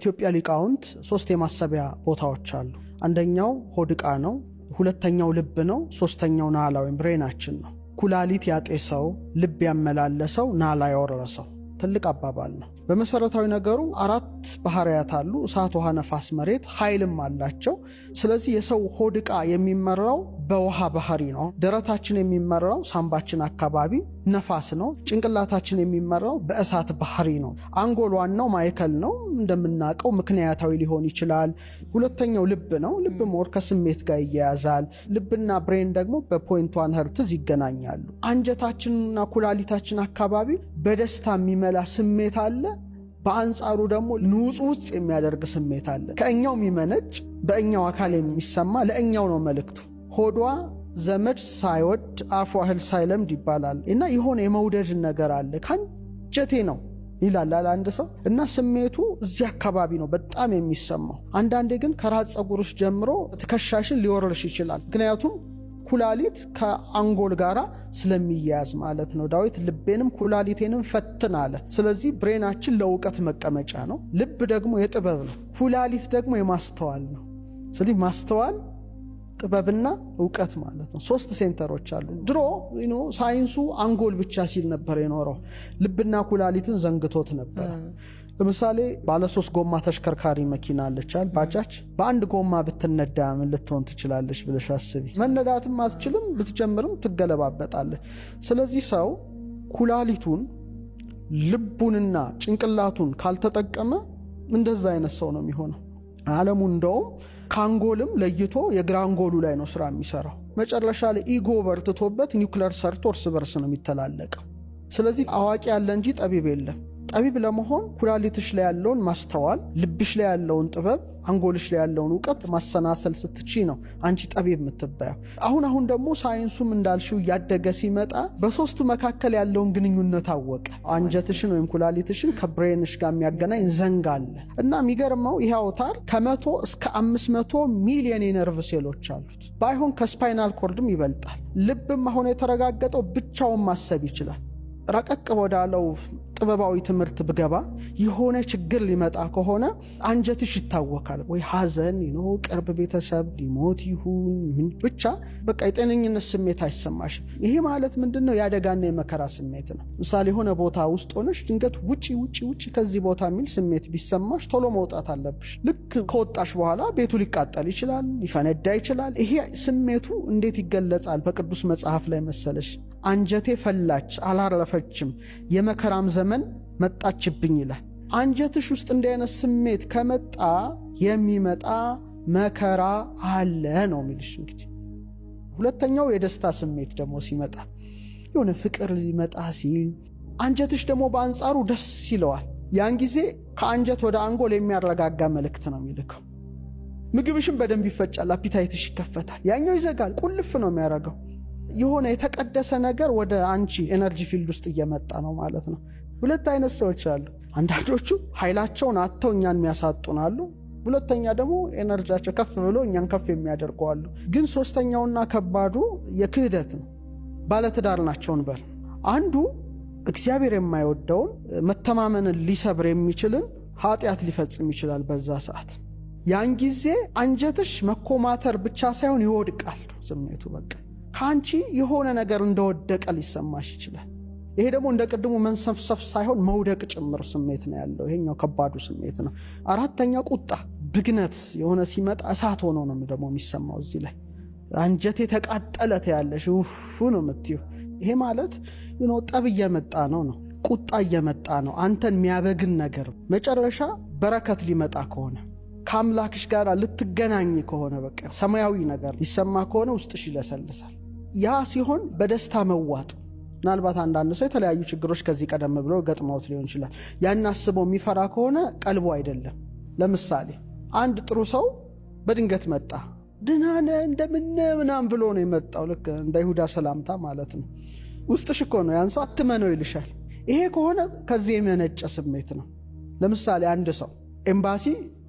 ኢትዮጵያ ሊቃውንት ሶስት የማሰቢያ ቦታዎች አሉ። አንደኛው ሆድቃ ነው፣ ሁለተኛው ልብ ነው፣ ሶስተኛው ናላ ወይም ብሬናችን ነው። ኩላሊት ያጤሰው ልብ ያመላለሰው ናላ ሰው ትልቅ አባባል ነው። በመሰረታዊ ነገሩ አራት ባህርያት አሉ። እሳት፣ ውሃ፣ ነፋስ፣ መሬት ኃይልም አላቸው። ስለዚህ የሰው ሆድ ዕቃ የሚመራው በውሃ ባህሪ ነው። ደረታችን የሚመራው ሳምባችን አካባቢ ነፋስ ነው። ጭንቅላታችን የሚመራው በእሳት ባህሪ ነው። አንጎል ዋናው ማዕከል ነው እንደምናውቀው፣ ምክንያታዊ ሊሆን ይችላል። ሁለተኛው ልብ ነው። ልብ ሞር ከስሜት ጋር ይያያዛል። ልብና ብሬን ደግሞ በፖይንት ዋን ሄርትዝ ይገናኛሉ። አንጀታችንና ኩላሊታችን አካባቢ በደስታ የሚመላ ስሜት አለ በአንጻሩ ደግሞ ንጹህ ውስጥ የሚያደርግ ስሜት አለ። ከእኛው የሚመነጭ በእኛው አካል የሚሰማ ለእኛው ነው መልእክቱ። ሆዷ ዘመድ ሳይወድ አፏ እህል ሳይለምድ ይባላል እና የሆነ የመውደድ ነገር አለ ከአንጀቴ ነው ይላል አንድ ሰው እና ስሜቱ እዚህ አካባቢ ነው በጣም የሚሰማው። አንዳንዴ ግን ከራስ ፀጉርሽ ጀምሮ ትከሻሽን ሊወረርሽ ይችላል ምክንያቱም ኩላሊት ከአንጎል ጋራ ስለሚያያዝ ማለት ነው። ዳዊት ልቤንም ኩላሊቴንም ፈትን አለ። ስለዚህ ብሬናችን ለእውቀት መቀመጫ ነው። ልብ ደግሞ የጥበብ ነው። ኩላሊት ደግሞ የማስተዋል ነው። ስለዚህ ማስተዋል ጥበብና እውቀት ማለት ነው። ሶስት ሴንተሮች አሉ። ድሮ ሳይንሱ አንጎል ብቻ ሲል ነበር የኖረው። ልብና ኩላሊትን ዘንግቶት ነበረ። ለምሳሌ ባለሶስት ጎማ ተሽከርካሪ መኪና አለቻል ባጃጅ በአንድ ጎማ ብትነዳ ምን ልትሆን ትችላለች ብለሽ አስቢ። መነዳትም አትችልም፣ ብትጀምርም ትገለባበጣለህ። ስለዚህ ሰው ኩላሊቱን ልቡንና ጭንቅላቱን ካልተጠቀመ እንደዛ አይነት ሰው ነው የሚሆነው። አለሙ እንደውም ካንጎልም ለይቶ የግራንጎሉ ላይ ነው ስራ የሚሰራው። መጨረሻ ላይ ኢጎ በርትቶበት ኒውክለር ሰርቶ እርስ በርስ ነው የሚተላለቀው። ስለዚህ አዋቂ ያለ እንጂ ጠቢብ የለም። ጠቢብ ለመሆን ኩላሊትሽ ላይ ያለውን ማስተዋል፣ ልብሽ ላይ ያለውን ጥበብ፣ አንጎልሽ ላይ ያለውን እውቀት ማሰናሰል ስትቺ ነው አንቺ ጠቢብ የምትባየው። አሁን አሁን ደግሞ ሳይንሱም እንዳልሽው እያደገ ሲመጣ በሶስቱ መካከል ያለውን ግንኙነት አወቀ። አንጀትሽን ወይም ኩላሊትሽን ከብሬንሽ ጋር የሚያገናኝ ዘንግ አለ እና የሚገርመው ይህ አውታር ከመቶ እስከ አምስት መቶ ሚሊየን የነርቭ ሴሎች አሉት። ባይሆን ከስፓይናል ኮርድም ይበልጣል። ልብም አሁን የተረጋገጠው ብቻውን ማሰብ ይችላል። ረቀቅ ወዳለው ጥበባዊ ትምህርት ብገባ የሆነ ችግር ሊመጣ ከሆነ አንጀትሽ ይታወካል። ወይ ሀዘን ነው ቅርብ ቤተሰብ ሊሞት ይሁን ምን ብቻ በቃ የጤነኝነት ስሜት አይሰማሽም። ይሄ ማለት ምንድን ነው? የአደጋና የመከራ ስሜት ነው። ምሳሌ የሆነ ቦታ ውስጥ ሆነሽ ድንገት ውጪ ውጪ ውጪ ከዚህ ቦታ የሚል ስሜት ቢሰማሽ ቶሎ መውጣት አለብሽ። ልክ ከወጣሽ በኋላ ቤቱ ሊቃጠል ይችላል፣ ሊፈነዳ ይችላል። ይሄ ስሜቱ እንዴት ይገለጻል? በቅዱስ መጽሐፍ ላይ መሰለሽ አንጀቴ ፈላች አላረፈችም፣ የመከራም ዘመን መጣችብኝ ይላል። አንጀትሽ ውስጥ እንዲህ አይነት ስሜት ከመጣ የሚመጣ መከራ አለ ነው የሚልሽ። እንግዲህ ሁለተኛው የደስታ ስሜት ደግሞ ሲመጣ የሆነ ፍቅር ሊመጣ ሲል አንጀትሽ ደግሞ በአንጻሩ ደስ ይለዋል። ያን ጊዜ ከአንጀት ወደ አንጎል የሚያረጋጋ መልእክት ነው የሚልከው። ምግብሽም በደንብ ይፈጫል፣ አፒታይትሽ ይከፈታል። ያኛው ይዘጋል፣ ቁልፍ ነው የሚያደርገው። የሆነ የተቀደሰ ነገር ወደ አንቺ ኤነርጂ ፊልድ ውስጥ እየመጣ ነው ማለት ነው። ሁለት አይነት ሰዎች አሉ። አንዳንዶቹ ኃይላቸውን አጥተው እኛን የሚያሳጡን አሉ። ሁለተኛ ደግሞ ኤነርጂያቸው ከፍ ብሎ እኛን ከፍ የሚያደርጉ አሉ። ግን ሶስተኛውና ከባዱ የክህደት ነው። ባለትዳር ናቸውን እንበል። አንዱ እግዚአብሔር የማይወደውን መተማመንን ሊሰብር የሚችልን ኃጢአት ሊፈጽም ይችላል በዛ ሰዓት። ያን ጊዜ አንጀትሽ መኮማተር ብቻ ሳይሆን ይወድቃል ስሜቱ በቃ ከአንቺ የሆነ ነገር እንደወደቀ ሊሰማሽ ይችላል። ይሄ ደግሞ እንደ ቅድሙ መንሰፍሰፍ ሳይሆን መውደቅ ጭምር ስሜት ነው ያለው። ይሄኛው ከባዱ ስሜት ነው። አራተኛ ቁጣ፣ ብግነት የሆነ ሲመጣ እሳት ሆኖ ነው ደግሞ የሚሰማው። እዚህ ላይ አንጀቴ ተቃጠለ ትያለሽ፣ ውሁ ነው የምትይው። ይሄ ማለት ጠብ እየመጣ ነው ነው ቁጣ እየመጣ ነው፣ አንተን የሚያበግን ነገር። መጨረሻ በረከት ሊመጣ ከሆነ ከአምላክሽ ጋር ልትገናኝ ከሆነ በቃ ሰማያዊ ነገር ሊሰማ ከሆነ ውስጥሽ ይለሰልሳል። ያ ሲሆን በደስታ መዋጥ ምናልባት አንዳንድ ሰው የተለያዩ ችግሮች ከዚህ ቀደም ብሎ ገጥመውት ሊሆን ይችላል። ያን አስበው የሚፈራ ከሆነ ቀልቦ አይደለም። ለምሳሌ አንድ ጥሩ ሰው በድንገት መጣ። ድናነ እንደምነ ምናም ብሎ ነው የመጣው። ልክ እንደ ይሁዳ ሰላምታ ማለት ነው። ውስጥ ሽኮ ነው ያን ሰው አትመነው ይልሻል። ይሄ ከሆነ ከዚህ የመነጨ ስሜት ነው። ለምሳሌ አንድ ሰው ኤምባሲ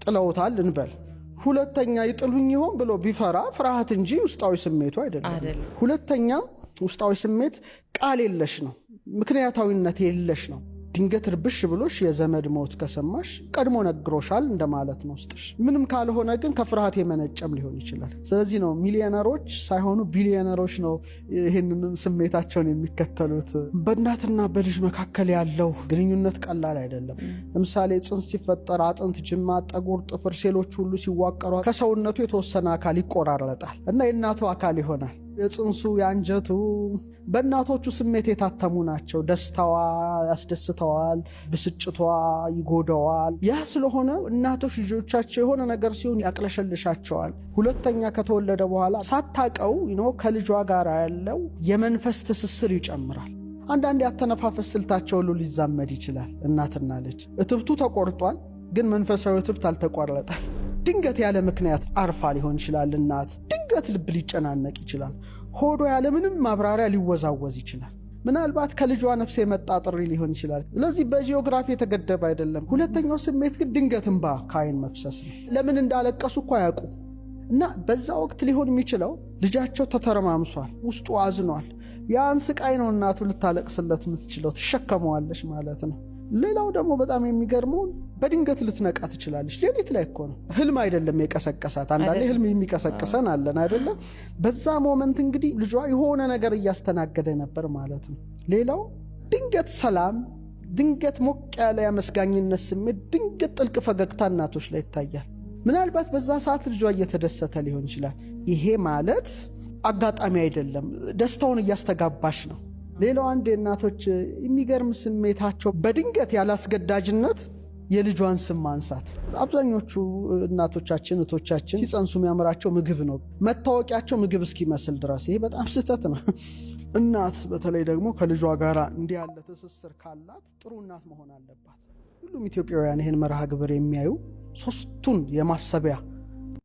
ጥለውታል እንበል ሁለተኛ ይጥሉኝ ይሆን ብሎ ቢፈራ ፍርሃት እንጂ ውስጣዊ ስሜቱ አይደለም። ሁለተኛ ውስጣዊ ስሜት ቃል የለሽ ነው፣ ምክንያታዊነት የለሽ ነው። ድንገት ርብሽ ብሎሽ የዘመድ ሞት ከሰማሽ ቀድሞ ነግሮሻል እንደማለት ነው ውስጥሽ። ምንም ካልሆነ ግን ከፍርሃት የመነጨም ሊሆን ይችላል። ስለዚህ ነው ሚሊዮነሮች ሳይሆኑ ቢሊዮነሮች ነው ይህንንም ስሜታቸውን የሚከተሉት። በእናትና በልጅ መካከል ያለው ግንኙነት ቀላል አይደለም። ለምሳሌ ጽንስ ሲፈጠር አጥንት፣ ጅማ ጠጉር፣ ጥፍር፣ ሴሎች ሁሉ ሲዋቀሩ ከሰውነቱ የተወሰነ አካል ይቆራረጣል እና የእናቱ አካል ይሆናል። የጽንሱ የአንጀቱ በእናቶቹ ስሜት የታተሙ ናቸው። ደስታዋ ያስደስተዋል፣ ብስጭቷ ይጎዳዋል። ያ ስለሆነ እናቶች ልጆቻቸው የሆነ ነገር ሲሆን ያቅለሸልሻቸዋል። ሁለተኛ ከተወለደ በኋላ ሳታቀው ከልጇ ጋር ያለው የመንፈስ ትስስር ይጨምራል። አንዳንድ ያተነፋፈስ ስልታቸው ሁሉ ሊዛመድ ይችላል። እናትና ልጅ እትብቱ ተቆርጧል፣ ግን መንፈሳዊ እትብት አልተቆረጠም ድንገት ያለ ምክንያት አርፋ ሊሆን ይችላል እናት በጭንቀት ልብ ሊጨናነቅ ይችላል። ሆዷ ያለምንም ማብራሪያ ሊወዛወዝ ይችላል። ምናልባት ከልጇ ነፍስ የመጣ ጥሪ ሊሆን ይችላል። ስለዚህ በጂኦግራፊ የተገደበ አይደለም። ሁለተኛው ስሜት ግን ድንገት እንባ ከአይን መፍሰስ ነው። ለምን እንዳለቀሱ እኮ አያውቁ እና በዛ ወቅት ሊሆን የሚችለው ልጃቸው ተተረማምሷል፣ ውስጡ አዝኗል። ያን ስቃይ ነው እናቱ ልታለቅስለት የምትችለው ትሸከመዋለች ማለት ነው። ሌላው ደግሞ በጣም የሚገርመው በድንገት ልትነቃ ትችላለች። ሌሊት ላይ እኮ ነው፣ ህልም አይደለም የቀሰቀሳት። አንዳንዴ ህልም የሚቀሰቅሰን አለን አይደለም። በዛ ሞመንት እንግዲህ ልጇ የሆነ ነገር እያስተናገደ ነበር ማለት ነው። ሌላው ድንገት ሰላም፣ ድንገት ሞቅ ያለ የአመስጋኝነት ስሜት፣ ድንገት ጥልቅ ፈገግታ እናቶች ላይ ይታያል። ምናልባት በዛ ሰዓት ልጇ እየተደሰተ ሊሆን ይችላል። ይሄ ማለት አጋጣሚ አይደለም፣ ደስታውን እያስተጋባሽ ነው። ሌላው አንድ የእናቶች የሚገርም ስሜታቸው በድንገት ያላስገዳጅነት የልጇን ስም ማንሳት። አብዛኞቹ እናቶቻችን እህቶቻችን ሲጸንሱ የሚያምራቸው ምግብ ነው፣ መታወቂያቸው ምግብ እስኪመስል ድረስ። ይሄ በጣም ስህተት ነው። እናት በተለይ ደግሞ ከልጇ ጋር እንዲህ ያለ ትስስር ካላት ጥሩ እናት መሆን አለባት። ሁሉም ኢትዮጵያውያን ይህን መርሃ ግብር የሚያዩ ሶስቱን የማሰቢያ